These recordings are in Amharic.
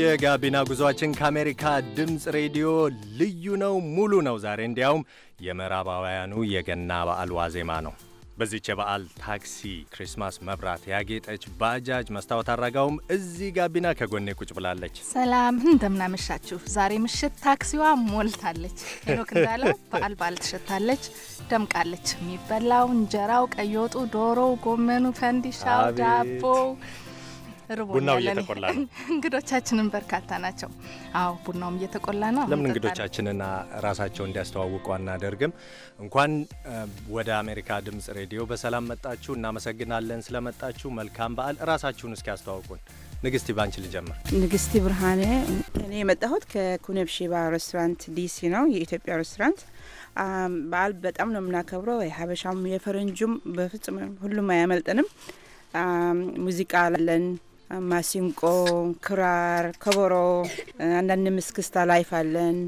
የጋቢና ጉዟችን ከአሜሪካ ድምፅ ሬዲዮ ልዩ ነው፣ ሙሉ ነው። ዛሬ እንዲያውም የምዕራባውያኑ የገና በዓል ዋዜማ ነው። በዚች የበዓል ታክሲ፣ ክሪስማስ መብራት ያጌጠች ባጃጅ መስታወት አድራጋውም እዚህ ጋቢና ከጎኔ ቁጭ ብላለች። ሰላም እንደምናመሻችሁ። ዛሬ ምሽት ታክሲዋ ሞልታለች። ሄኖክ እንዳለው በዓል በዓል ትሸታለች፣ ደምቃለች። የሚበላው እንጀራው፣ ቀይ ወጡ፣ ዶሮው፣ ጎመኑ፣ ፈንዲሻው፣ ዳቦው ቡናው እየተቆላ ነው። እንግዶቻችንም በርካታ ናቸው። አዎ ቡናውም እየተቆላ ነው። ለምን እንግዶቻችንና ራሳቸው እንዲያስተዋውቁ አናደርግም? እንኳን ወደ አሜሪካ ድምጽ ሬዲዮ በሰላም መጣችሁ። እናመሰግናለን ስለመጣችሁ። መልካም በዓል። ራሳችሁን እስኪ አስተዋውቁን። ንግስቲ ብርሃኔ። እኔ የመጣሁት ከኩነብሺባ ሬስቶራንት ዲሲ ነው፣ የኢትዮጵያ ሬስቶራንት በዓል በጣም ነው የምናከብረው። የሀበሻም የፈረንጁም በፍጹም ሁሉም አያመልጠንም። ሙዚቃ አለን። ማሲንቆ፣ ክራር፣ ከበሮ፣ አንዳንድ ምስክስታ ላይፍ አለን።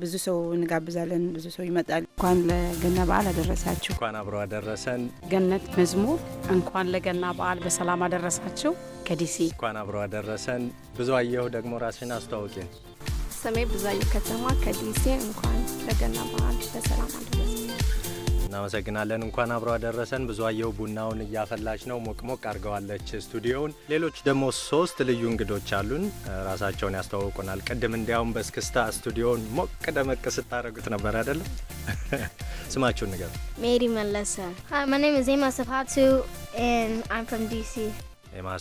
ብዙ ሰው እንጋብዛለን። ብዙ ሰው ይመጣል። እንኳን ለገና በዓል አደረሳችሁ። እንኳን አብሮ አደረሰን። ገነት መዝሙር እንኳን ለገና በዓል በሰላም አደረሳችሁ። ከዲሲ እንኳን አብሮ አደረሰን። ብዙ አየሁ ደግሞ ራስን አስተዋውቂን። ስሜ ብዙ አየሁ ከተማ ከዲሲ እንኳን ለገና በዓል በሰላም አደረሰ። እናመሰግናለን። እንኳን አብሮ አደረሰን። ብዙአየሁ ቡናውን እያፈላች ነው፣ ሞቅሞቅ አድርገዋለች ስቱዲዮውን። ሌሎች ደግሞ ሶስት ልዩ እንግዶች አሉን፣ ራሳቸውን ያስተዋውቁናል። ቅድም እንዲያውም በስክስታ ስቱዲዮውን ሞቅ ደመቅ ስታደረጉት ነበር አይደለም? ስማችሁን ንገሩ። ሜሪ መለሰ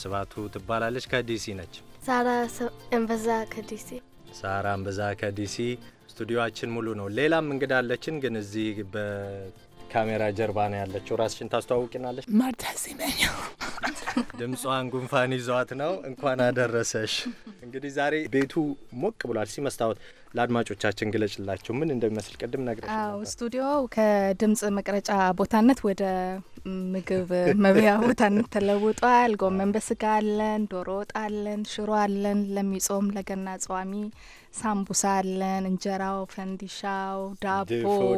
ስፋቱ ትባላለች። ከዲሲ ነች። ሳራ እንበዛ ከዲሲ ሳራ እንበዛ ከዲሲ ስቱዲዮችን ሙሉ ነው። ሌላም እንግዳለችን ግን እዚህ ካሜራ ጀርባ ነው ያለችው። ራስሽን ታስተዋውቂናለች? ማርታ ሲመኘው ድምጿን ጉንፋን ይዟት ነው። እንኳን አደረሰሽ። እንግዲህ ዛሬ ቤቱ ሞቅ ብሏል ሲመስታወት ለአድማጮቻችን ግለጭላቸው ምን እንደሚመስል ቅድም ነገር ስቱዲዮ ከድምጽ መቅረጫ ቦታነት ወደ ምግብ መብያ ቦታነት ተለውጧል። ጎመን በስጋ አለን፣ ዶሮ ወጥ አለን፣ ሽሮ አለን፣ ለሚጾም ለገና ጸዋሚ ሳምቡሳ አለን። እንጀራው፣ ፈንዲሻው፣ ዳቦ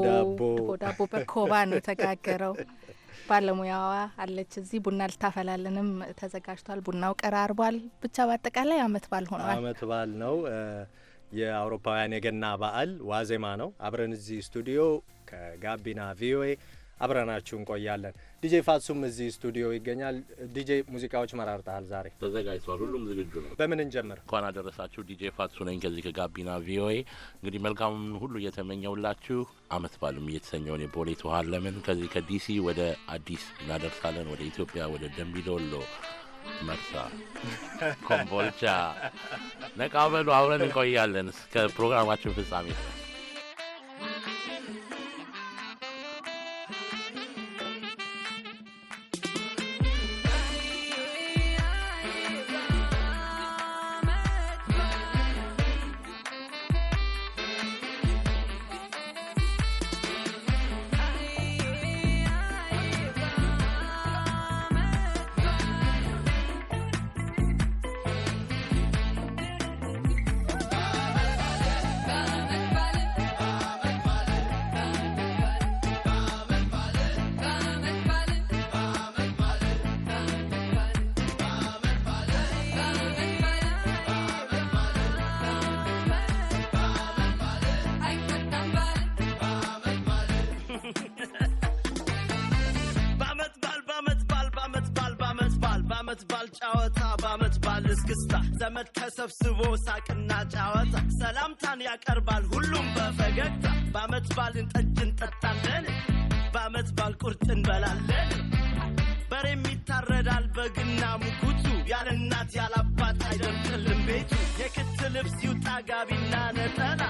ዳቦ ዳቦ በኮባ ነው የተጋገረው። ባለሙያዋ አለች እዚህ። ቡና ልታፈላልንም ተዘጋጅቷል። ቡናው ቀራርቧል። ብቻ በአጠቃላይ አመት ባል ሆኗል። አመት በዓል ነው። የአውሮፓውያን የገና በዓል ዋዜማ ነው። አብረን እዚህ ስቱዲዮ ከጋቢና ቪኦኤ አብረናችሁ እንቆያለን። ዲጄ ፋሱም እዚህ ስቱዲዮ ይገኛል። ዲጄ ሙዚቃዎች መራርጠሃል ዛሬ? ተዘጋጅቷል፣ ሁሉም ዝግጁ ነው። በምን እንጀምር? እንኳን አደረሳችሁ። ዲጄ ፋሱ ነኝ ከዚህ ከጋቢና ቪኦኤ። እንግዲህ መልካሙን ሁሉ እየተመኘውላችሁ አመት ባሉም እየተሰኘውን የቦሌ ተሃለምን ከዚህ ከዲሲ ወደ አዲስ እናደርሳለን፣ ወደ ኢትዮጵያ ወደ ደንቢዶሎ መርሳ ኮምቦልቻ ነቃበሉ አብረን እንቆያለን እስከ ፕሮግራማችን ፍጻሜ ይፈጥራል እስክስታ ዘመድ ተሰብስቦ ሳቅና ጫወታ ሰላምታን ያቀርባል ሁሉም በፈገግታ በአመት ባልን ጠጅ እንጠጣለን፣ በአመት ባል ቁርጥ እንበላለን። በሬም ይታረዳል በግና ምኩቱ ያለ እናት ያለ አባት አይደርቅልም ቤቱ የክት ልብስ ይውጣ ጋቢና ነጠላ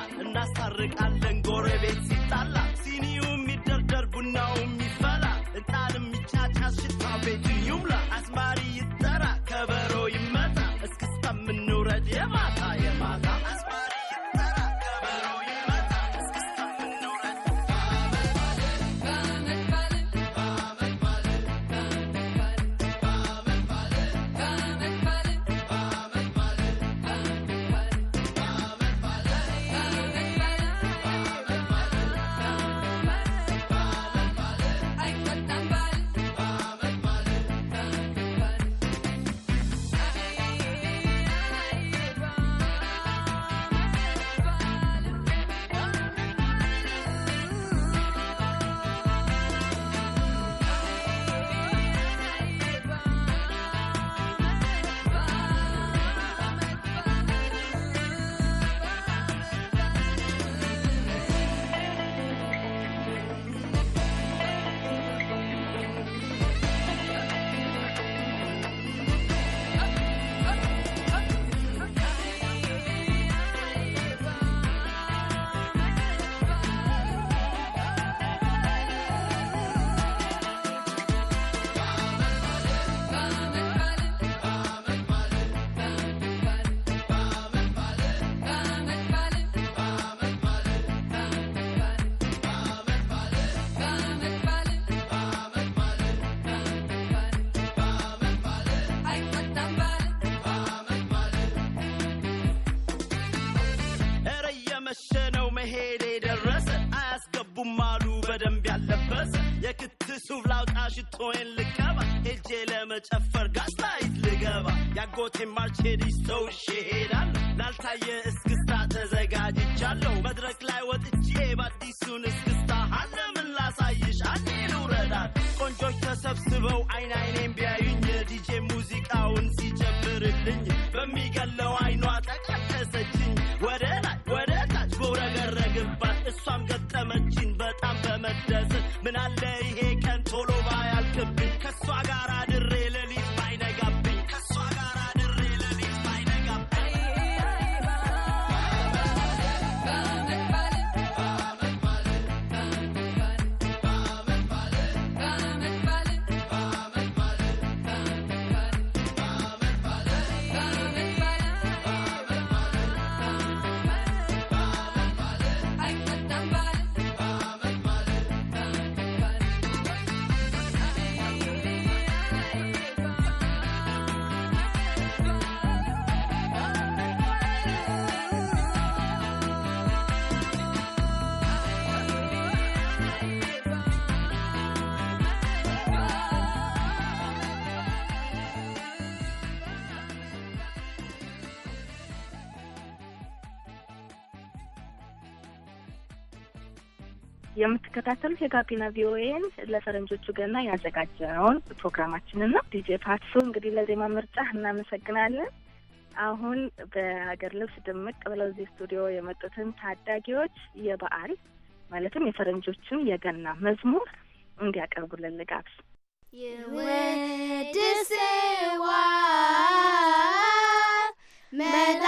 ሱፍ ላውጣ ሽቶዬን ልቀባ ሄጄ ለመጨፈር ጋስላይት ልገባ ያጎቴ ማርቼዲስ ተውሼ እሄዳለሁ ላልታየ እስክስታ ተዘጋጅቻለሁ መድረክ ላይ ወጥቼ በአዲሱን እስክስታ አለምን ላሳይሽ አንዴ ልውረዳል ቆንጆች ተሰብስበው አይን አይኔም ቢያዩኝ ዲጄ ሙዚቃውን ሲጀምርልኝ በሚገለው አይኗ የምትከታተሉት የጋቢና ቪኦኤን ለፈረንጆቹ ገና ያዘጋጀውን ፕሮግራማችንን ነው። ዲጄ ፓትሱ እንግዲህ ለዜማ ምርጫ እናመሰግናለን። አሁን በሀገር ልብስ ድምቅ ብለው እዚህ ስቱዲዮ የመጡትን ታዳጊዎች የበዓል ማለትም የፈረንጆቹን የገና መዝሙር እንዲያቀርቡልን ልጋብዝ። ይወድስዋ መላ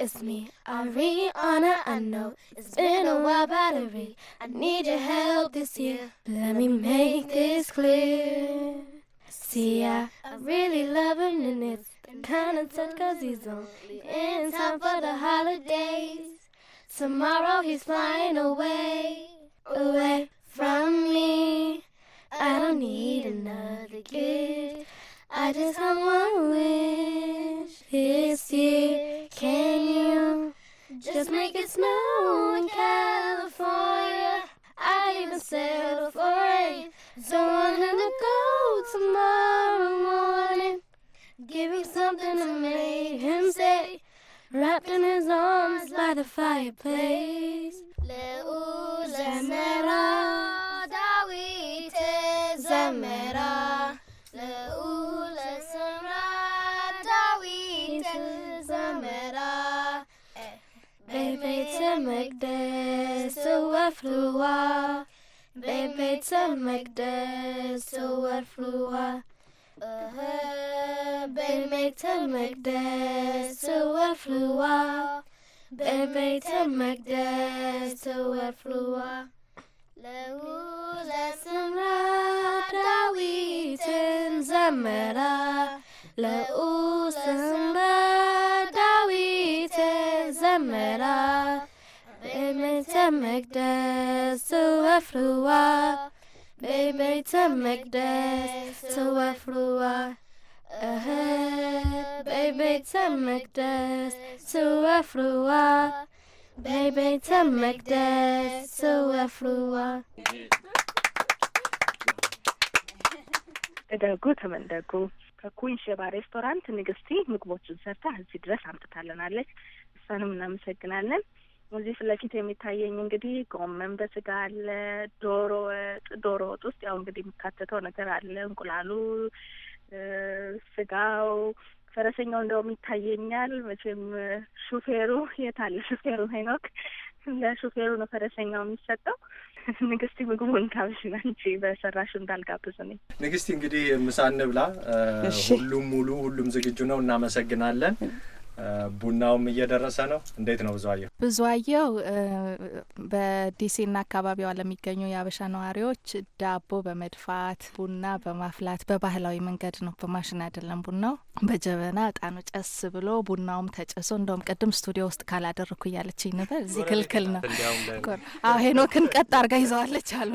it's me, Ariana. I know it's been a while, but I need your help this year. Let me make this clear. See, I, I really love him, and it's been kinda tough cause he's only in time for the holidays. Tomorrow he's flying away, away from me. I don't need another gift. I just want one wish this year. Can you just make it snow in California? I even settle for rain. Don't want cold to go tomorrow morning. Give him something to make him stay. Wrapped in his arms by the fireplace. Leu zamera, zamera. المقدس وفروع ببيت المقدس وفروع بالبيت المقدس وفروع بالبيت المقدس وفروع له لسمرة داويت زمرة له سمرة በቤተ መቅደስ ትወፍርዋ በቤተ መቅደስ በቤተ መቅደስ በቤተ መቅደስ እደጉ ተመንደጉ ከኩንሽ ሸባ ሬስቶራንት ንግስቲ ምግቦችን ሰርታ እዚህ ድረስ አምጥታለናለች። እሷንም እናመሰግናለን። እዚህ ፊት ለፊት የሚታየኝ እንግዲህ ጎመን በስጋ አለ፣ ዶሮ ወጥ። ዶሮ ወጥ ውስጥ ያው እንግዲህ የሚካተተው ነገር አለ፣ እንቁላሉ፣ ስጋው ፈረሰኛው እንደውም ይታየኛል። መቼም ሹፌሩ የት አለ ሹፌሩ? ሄኖክ ለሹፌሩ ነው ፈረሰኛው የሚሰጠው። ንግስቲ ምግቡ ካብሽን እንጂ በሰራሹ እንዳልጋብዝ ነኝ። ንግስቲ እንግዲህ ምሳ እንብላ። ሁሉም ሙሉ፣ ሁሉም ዝግጁ ነው። እናመሰግናለን። ቡናውም እየደረሰ ነው። እንዴት ነው ብዙአየሁ? ብዙአየሁ በዲሲና አካባቢዋ ለሚገኙ የአበሻ ነዋሪዎች ዳቦ በመድፋት ቡና በማፍላት በባህላዊ መንገድ ነው፣ በማሽን አይደለም። ቡናው በጀበና እጣኑ ጨስ ብሎ ቡናውም ተጨሶ፣ እንደውም ቅድም ስቱዲዮ ውስጥ ካላደረግኩ እያለች ነበር። እዚህ ክልክል ነው። አዎ ሄኖክን ቀጥ አርጋ ይዘዋለች አሉ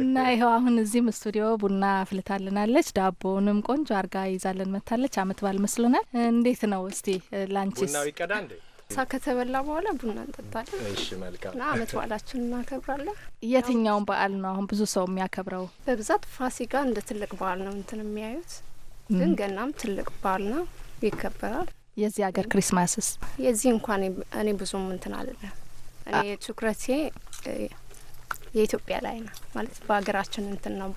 እና ይኸው አሁን እዚህም ስቱዲዮ ቡና አፍልታልናለች። ዳቦውንም ቆንጆ አርጋ ይዛለን መታለች። አመት ባል መስሎ ይመስሉናል። እንዴት ነው እስቲ ላንቺስ? ይቀዳ እንዴ ሳ ከተበላ በኋላ ቡና እንጠጣለን። እሺ መልካም። ና አመት በዓላችን እናከብራለን። የትኛውን በዓል ነው አሁን ብዙ ሰው የሚያከብረው? በብዛት ፋሲካ እንደ ትልቅ በዓል ነው እንትን የሚያዩት፣ ግን ገናም ትልቅ በዓል ነው ይከበራል። የዚህ ሀገር ክሪስማስስ የዚህ እንኳን እኔ ብዙም እንትን አለ እኔ ትኩረቴ የኢትዮጵያ ላይ ነው ማለት በሀገራችን እንትን ነው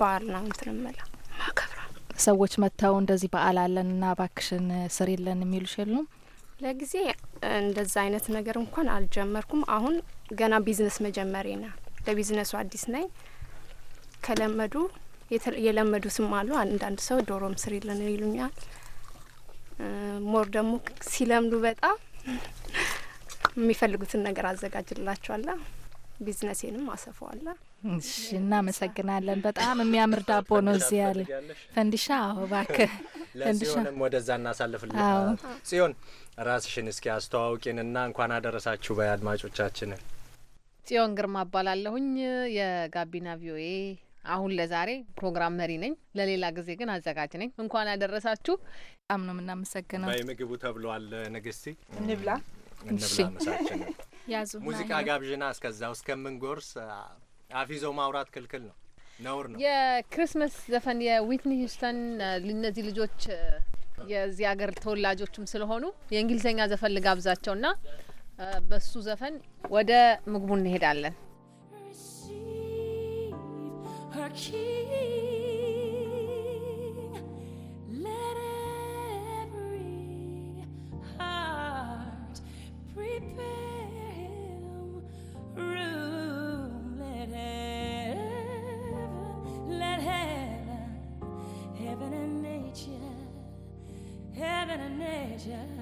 በዓል ነው እንትን መላ ማከብራ ሰዎች መጥተው እንደዚህ በዓል አለን ና ባክሽን ስሪልን የሚሉሽ የሉም? ለጊዜ እንደዛ አይነት ነገር እንኳን አልጀመርኩም። አሁን ገና ቢዝነስ መጀመሪ ና ለቢዝነሱ አዲስ ነኝ። ከለመዱ የለመዱትም አሉ። አንዳንድ ሰው ዶሮም ስሪልን ይሉኛል። ሞር ደግሞ ሲለምዱ በጣም የሚፈልጉትን ነገር አዘጋጅላቸዋለሁ። ቢዝነሴንም አሰፋዋለሁ። እሺ፣ እናመሰግናለን። በጣም የሚያምር ዳቦ ነው እዚህ ያለ ፈንዲሻ። አዎ፣ እባክህ ለጽዮንም ወደዛ እናሳልፍልናል። ጽዮን ራስሽን እስኪ አስተዋውቂንና እንኳን አደረሳችሁ በይ አድማጮቻችንን። ጽዮን ግርማ እባላለሁኝ የጋቢና ቪኦኤ አሁን ለዛሬ ፕሮግራም መሪ ነኝ። ለሌላ ጊዜ ግን አዘጋጅ ነኝ። እንኳን ያደረሳችሁ። በጣም ነው የምናመሰግነው። ምግቡ ተብሏል። ንግስቲ እንብላ እንብላ መሳችን ሙዚቃ ጋብዥና እስከዛው እስከምንጎርስ አፍ ማውራት ክልክል ነው፣ ነውር ነው። የክሪስመስ ዘፈን የዊትኒ ሂውስተን እነዚህ ልጆች የዚህ ሀገር ተወላጆችም ስለሆኑ የእንግሊዝኛ ዘፈን ልጋብዛቸው ና በሱ ዘፈን ወደ ምግቡ እንሄዳለን። treasure.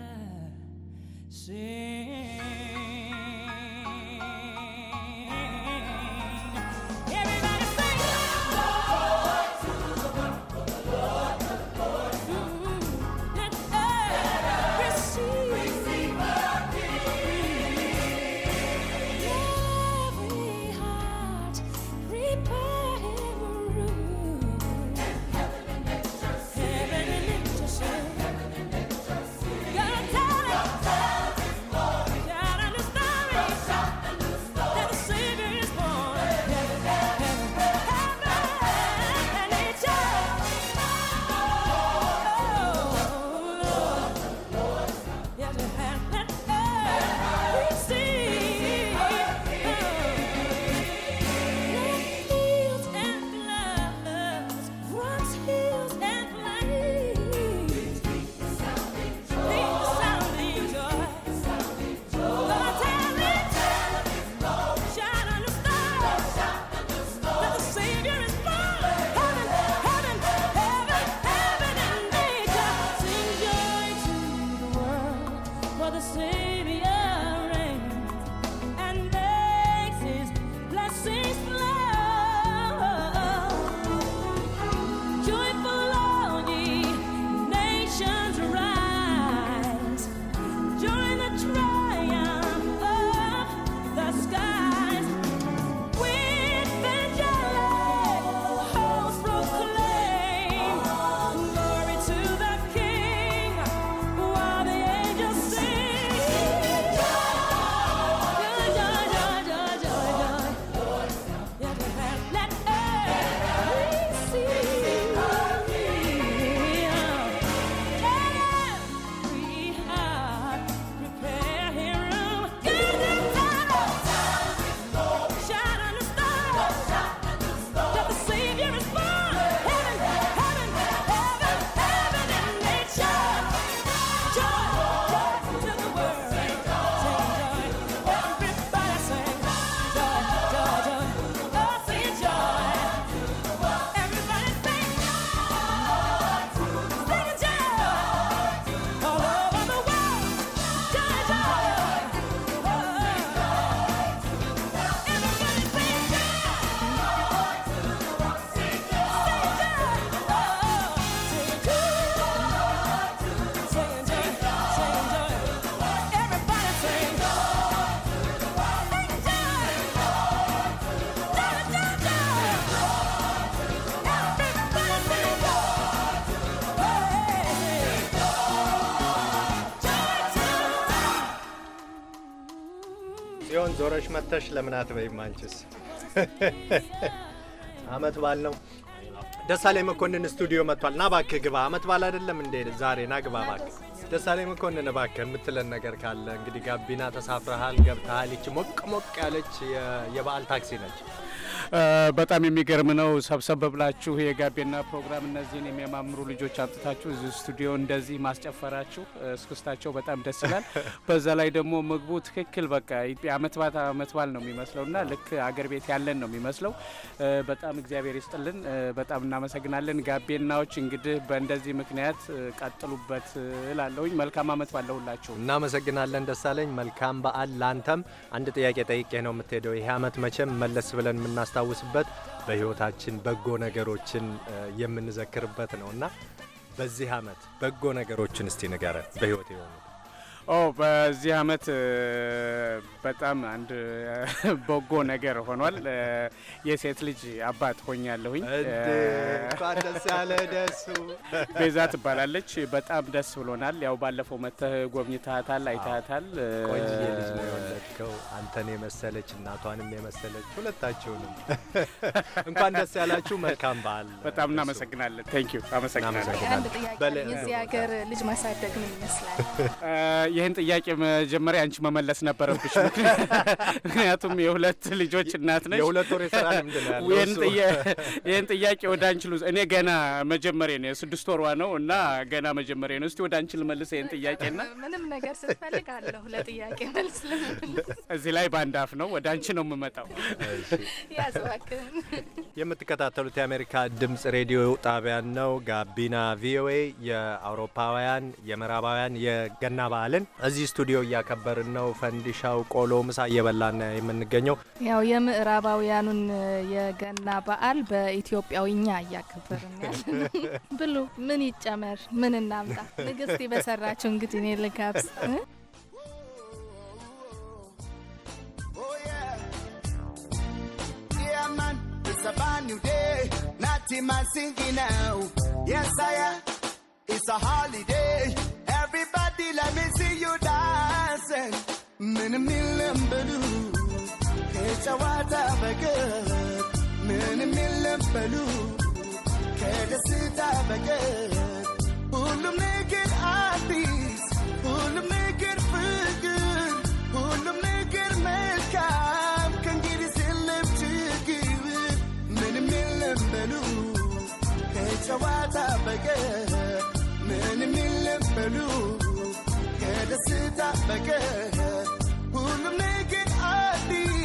ነሽ መተሽ ለምን አትበይም? አንቺስ አመት በዓል ነው። ደሳሌ መኮንን ስቱዲዮ መጥቷል። ና እባክህ ግባ። አመት በዓል አይደለም እንዴ ዛሬ ና ግባ እባክህ። ደሳሌ መኮንን እባክህ የምትለን ነገር ካለ እንግዲህ ጋቢና ተሳፍረሃል፣ ገብተሃል። ይች ሞቅ ሞቅ ያለች የበዓል ታክሲ ነች። በጣም የሚገርም ነው። ሰብሰብ ብላችሁ የጋቤና ፕሮግራም እነዚህን የሚያማምሩ ልጆች አምጥታችሁ እዚህ ስቱዲዮ እንደዚህ ማስጨፈራችሁ እስክስታቸው በጣም ደስ ይላል። በዛ ላይ ደግሞ ምግቡ ትክክል በቃ አመት ባት አመት ባል ነው የሚመስለው እና ልክ አገር ቤት ያለን ነው የሚመስለው። በጣም እግዚአብሔር ይስጥልን። በጣም እናመሰግናለን። ጋቤናዎች እንግዲህ በእንደዚህ ምክንያት ቀጥሉበት እላለሁኝ። መልካም አመት ባለሁላችሁ። እናመሰግናለን ደሳለኝ። መልካም በዓል ላንተም። አንድ ጥያቄ ጠይቄ ነው የምትሄደው ይሄ አመት መቼም መለስ ብለን የምናስታ የምናስታውስበት በህይወታችን በጎ ነገሮችን የምንዘክርበት ነው እና በዚህ አመት በጎ ነገሮችን እስቲ ንገረን በህይወት የሆኑ ኦ በዚህ አመት በጣም አንድ በጎ ነገር ሆኗል። የሴት ልጅ አባት ሆኛለሁኝ። እንኳን ደስ ያለ ደሱ ቤዛ ትባላለች። በጣም ደስ ብሎናል። ያው ባለፈው መተህ ጎብኝተሃታል፣ አይተሃታል። ቆንጅዬ ልጅ አንተን የመሰለች እናቷንም የመሰለች ሁለታችሁንም እንኳን ደስ ያላችሁ። መልካም በዓል። በጣም እናመሰግናለን። ቴንክ ዩ። ጥያቄ፣ በዚህ ሀገር ልጅ ማሳደግ ምን ይመስላል? ይህን ጥያቄ መጀመሪያ አንቺ መመለስ ነበረብሽ፣ ምክንያቱም የሁለት ልጆች እናት ነሽ። የሁለት ወር የስራ ልምድ ይህን ጥያቄ ወደ አንቺ ሉ እኔ ገና መጀመሪያ ነው ስድስት ወሯ ነው እና ገና መጀመሪያ ነው። እስቲ ወደ አንቺ ልመልስ ይህን ጥያቄ ና ምንም ነገር ስትፈልግ አለሁ ለጥያቄ መልስ ልም እዚህ ላይ በአንድ አፍ ነው ወደ አንቺ ነው የምመጣው። የምትከታተሉት የአሜሪካ ድምጽ ሬዲዮ ጣቢያን ነው። ጋቢና ቪኦኤ የአውሮፓውያን የምዕራባውያን የገና በዓልን እዚህ ስቱዲዮ እያከበርን ነው። ፈንዲሻው፣ ቆሎ፣ ምሳ እየበላን የምንገኘው ያው የምዕራባውያኑን የገና በዓል በኢትዮጵያዊኛ እያከበርን ብሉ፣ ምን ይጨመር፣ ምን እናምጣ? ንግስት በሰራችሁ እንግዲህ እኔ ልጋብዝ It's a new day, not in my singing now. Yes, I am. It's a holiday. party, let me see you dancing. Many million balloon, catch a water bagel. Many million balloon, catch a sita bagel. Who'll make it obvious? Who'll make it feel good? Who'll make it make up? Can get his lip to give it. Many million balloon, catch a water bagel. Many million balloon. Like a sit up again. would will make it ideal.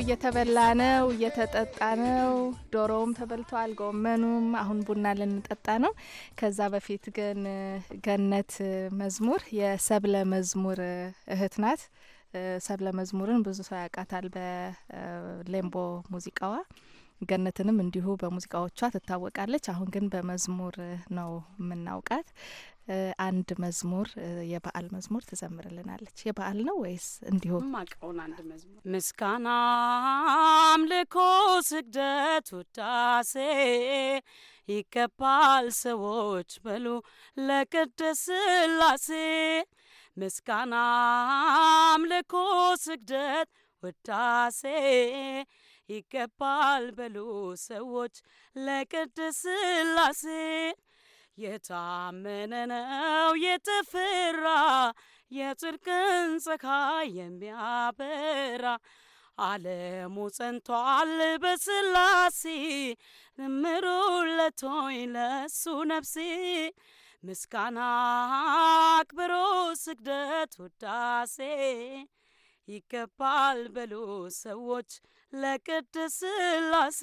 እየተበላ ነው፣ እየተጠጣ ነው። ዶሮውም ተበልቷል፣ ጎመኑም። አሁን ቡና ልንጠጣ ነው። ከዛ በፊት ግን ገነት መዝሙር የሰብለ መዝሙር እህት ናት። ሰብለ መዝሙርን ብዙ ሰው ያውቃታል በሌምቦ ሙዚቃዋ። ገነትንም እንዲሁ በሙዚቃዎቿ ትታወቃለች። አሁን ግን በመዝሙር ነው የምናውቃት። አንድ መዝሙር የበዓል መዝሙር ትዘምርልናለች። የበዓል ነው ወይስ እንዲሁም ማቀውን? አንድ መዝሙር ምስጋና፣ አምልኮ፣ ስግደት፣ ውዳሴ ይገባል ሰዎች በሉ ለቅድስ ስላሴ ምስጋና፣ አምልኮ፣ ስግደት፣ ውዳሴ ይገባል በሉ ሰዎች ለቅድስ ስላሴ። የታመነ ነው የተፈራ የጽድቅን ፀሐይ የሚያበራ ዓለሙ ጸንቷል በስላሴ እምሩለቶኝ ለሱ ነፍሴ ምስጋና አክብሮ ስግደት ውዳሴ ይገባል በሉ ሰዎች ለቅድስ ሥላሴ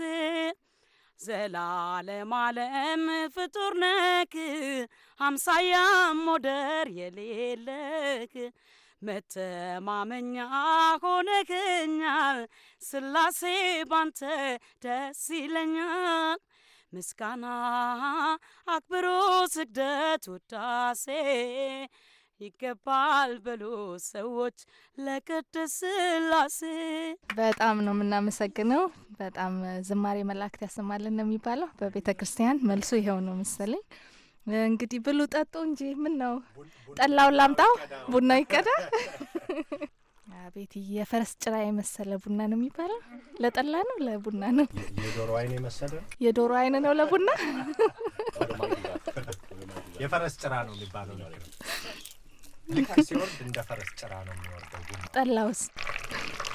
ዘላለም ዓለም ፍጡር ነክ አምሳያም ሞደር የሌለክ መተማመኛ ሆነከኛ ስላሴ ባንተ ደስ ይለኛል። ምስጋና አክብሮ ስግደት ውዳሴ ይገባል በሉ ሰዎች ለቅድስት ስላሴ። በጣም ነው የምናመሰግነው። በጣም ዝማሬ መላእክት ያሰማልን ነው የሚባለው በቤተ ክርስቲያን። መልሱ ይኸው ነው መሰለኝ። እንግዲህ ብሉ ጠጡ እንጂ ምን ነው ጠላው ላምጣው? ቡና ይቀዳ። አቤት የፈረስ ጭራ የመሰለ ቡና ነው የሚባለው። ለጠላ ነው ለቡና ነው? የዶሮ አይን የመሰለ የዶሮ አይን ነው ለቡና የፈረስ ጭራ ነው የሚባለው። ልክ ሲወርድ እንደ ፈረስ ጭራ ነው የሚወርደው። ጠላ ውስጥ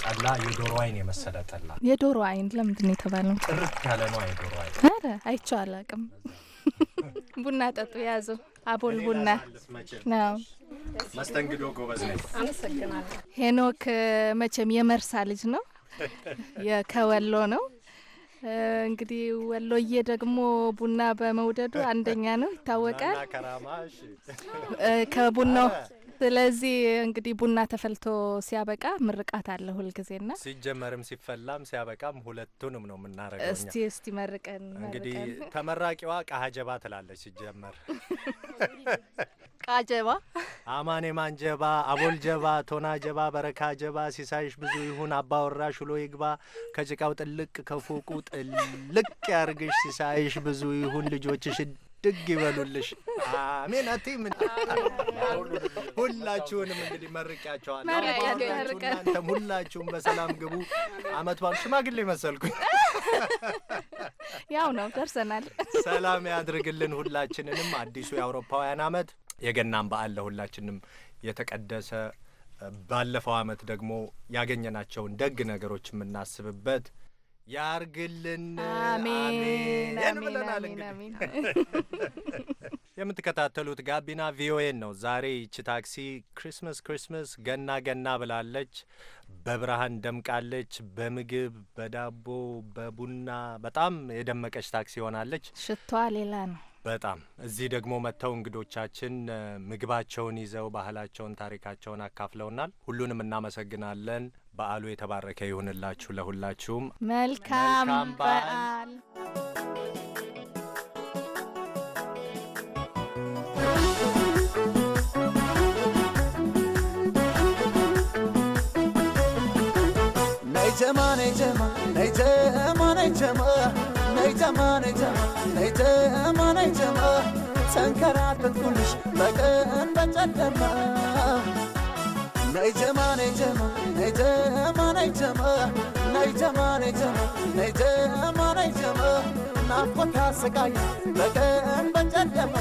ጠላ የዶሮ አይን የመሰለ ጠላ። የዶሮ አይን ለምንድን ነው የተባለው? ጥርት ያለ ነው የዶሮ አይን። ኧረ አይቼው አላውቅም። ቡና ጠጡ፣ ያዙ። አቦል ቡና ነው። መስተንግዶ ጎበዝ ነው። አመሰግናለሁ። ሄኖክ መቼም የመርሳ ልጅ ነው፣ ከወሎ ነው። እንግዲህ ወሎዬ ደግሞ ቡና በመውደዱ አንደኛ ነው፣ ይታወቃል። ከቡናው ስለዚህ እንግዲህ ቡና ተፈልቶ ሲያበቃ ምርቃት አለ ሁልጊዜ ና ሲጀመርም ሲፈላም ሲያበቃም ሁለቱንም ነው የምናረገው። እስቲ እስቲ መርቀን እንግዲህ ተመራቂዋ ቃሀጀባ ትላለች። ሲጀመር ቃጀባ፣ አማኔ ማንጀባ፣ አቦልጀባ፣ ጀባ፣ ቶና ጀባ፣ በረካ ጀባ፣ ሲሳይሽ ብዙ ይሁን፣ አባወራሽ ውሎ ይግባ፣ ከጭቃው ጥልቅ ከፎቁ ጥልቅ ያርግሽ፣ ሲሳይሽ ብዙ ይሁን፣ ልጆችሽ ድግ ይበሉልሽ። አሜን። አቴ ምን ሁላችሁንም እንግዲህ መርቂያቸዋለሁ። እናንተም ሁላችሁም በሰላም ግቡ። አመት ባሉ ሽማግሌ መሰልኩኝ። ያው ነው ደርሰናል። ሰላም ያድርግልን ሁላችንንም። አዲሱ የአውሮፓውያን አመት የገናም በዓል ለሁላችንም የተቀደሰ ባለፈው አመት ደግሞ ያገኘናቸውን ደግ ነገሮች የምናስብበት ያርግልን። አሜን ብለናል። እንግዲህ የምትከታተሉት ጋቢና ቪኦኤን ነው። ዛሬ ይቺ ታክሲ ክሪስመስ ክሪስመስ ገና ገና ብላለች። በብርሃን ደምቃለች። በምግብ በዳቦ በቡና በጣም የደመቀች ታክሲ ሆናለች። ሽቷ ሌላ ነው በጣም እዚህ ደግሞ መጥተው እንግዶቻችን ምግባቸውን ይዘው ባህላቸውን፣ ታሪካቸውን አካፍለውናል። ሁሉንም እናመሰግናለን። በአሉ የተባረከ ይሁንላችሁ ለሁላችሁም። መልካም በዓል። ሰንከራተትኩልሽ በቀን በጨለማ ናይተማ ናይተማ ናይተማ ናይተማ ናይተማ ናይተማ ናይተማ ናይተማ ናፍቆት ያሰቃኝ በቀን በጨለማ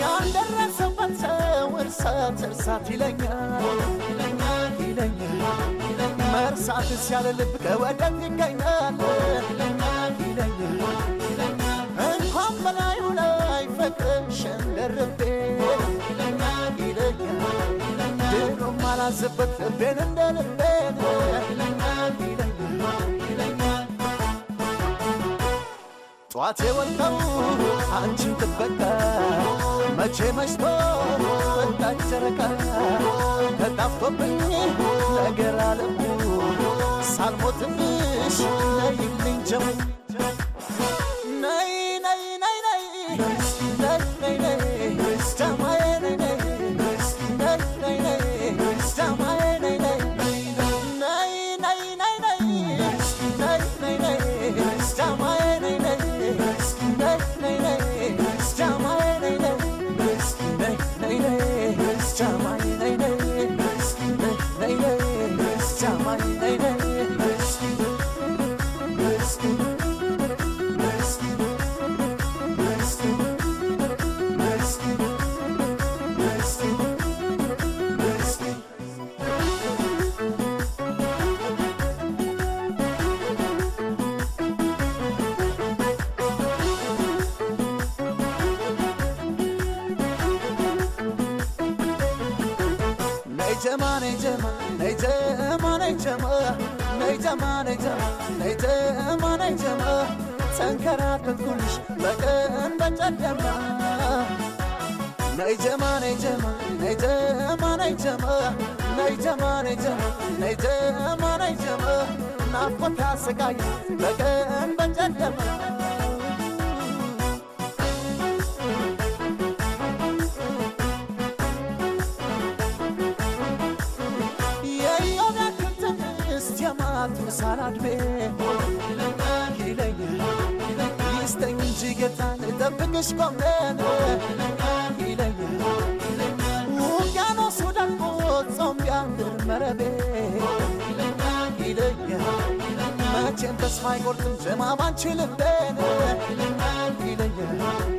ያልደረሰበት ሰው እርሳት እርሳት ይለኛል ይለኛል መርሳት ሲያለ ልብ ከወደት ይገኛል ማላስበት ልቤን እንደ ልቤን ጠዋቴ ወጣው አንቺን ጥበቃ መቼ መሽቶ ወጣች ጨረቃ ተጣፍቶብኝ ነገር አለቡ ሳልሞትንሽ ለይልኝ ጀሙ ነይ ጀማ ነይ ጀማ ነይ ጀማ ነይ ጀማ ነይ ጀማ ነይ ጀማ ነይ ጀማ ነይ ጀማ ተንከራተትኩልሽ በቀን በጨለማ ነይ ጀማ ነይ ጀማ ነይ ጀማ ነይ ጀማ ነይ ጀማ ነይ ጀማ ነይ ጀማ ነይ ጀማ ናፍቆት ያሰቃየ በቀን በጨለማ قلبي يستنجي قطعن دم نشبه منه ውቅያኖሱን ጾም ቢያንድር መረቤ ይለኛል መቼም ተስፋ አይቆርጥም ጀማማንችልበን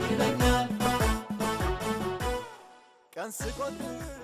ይለኛል ቀን ስቆጥር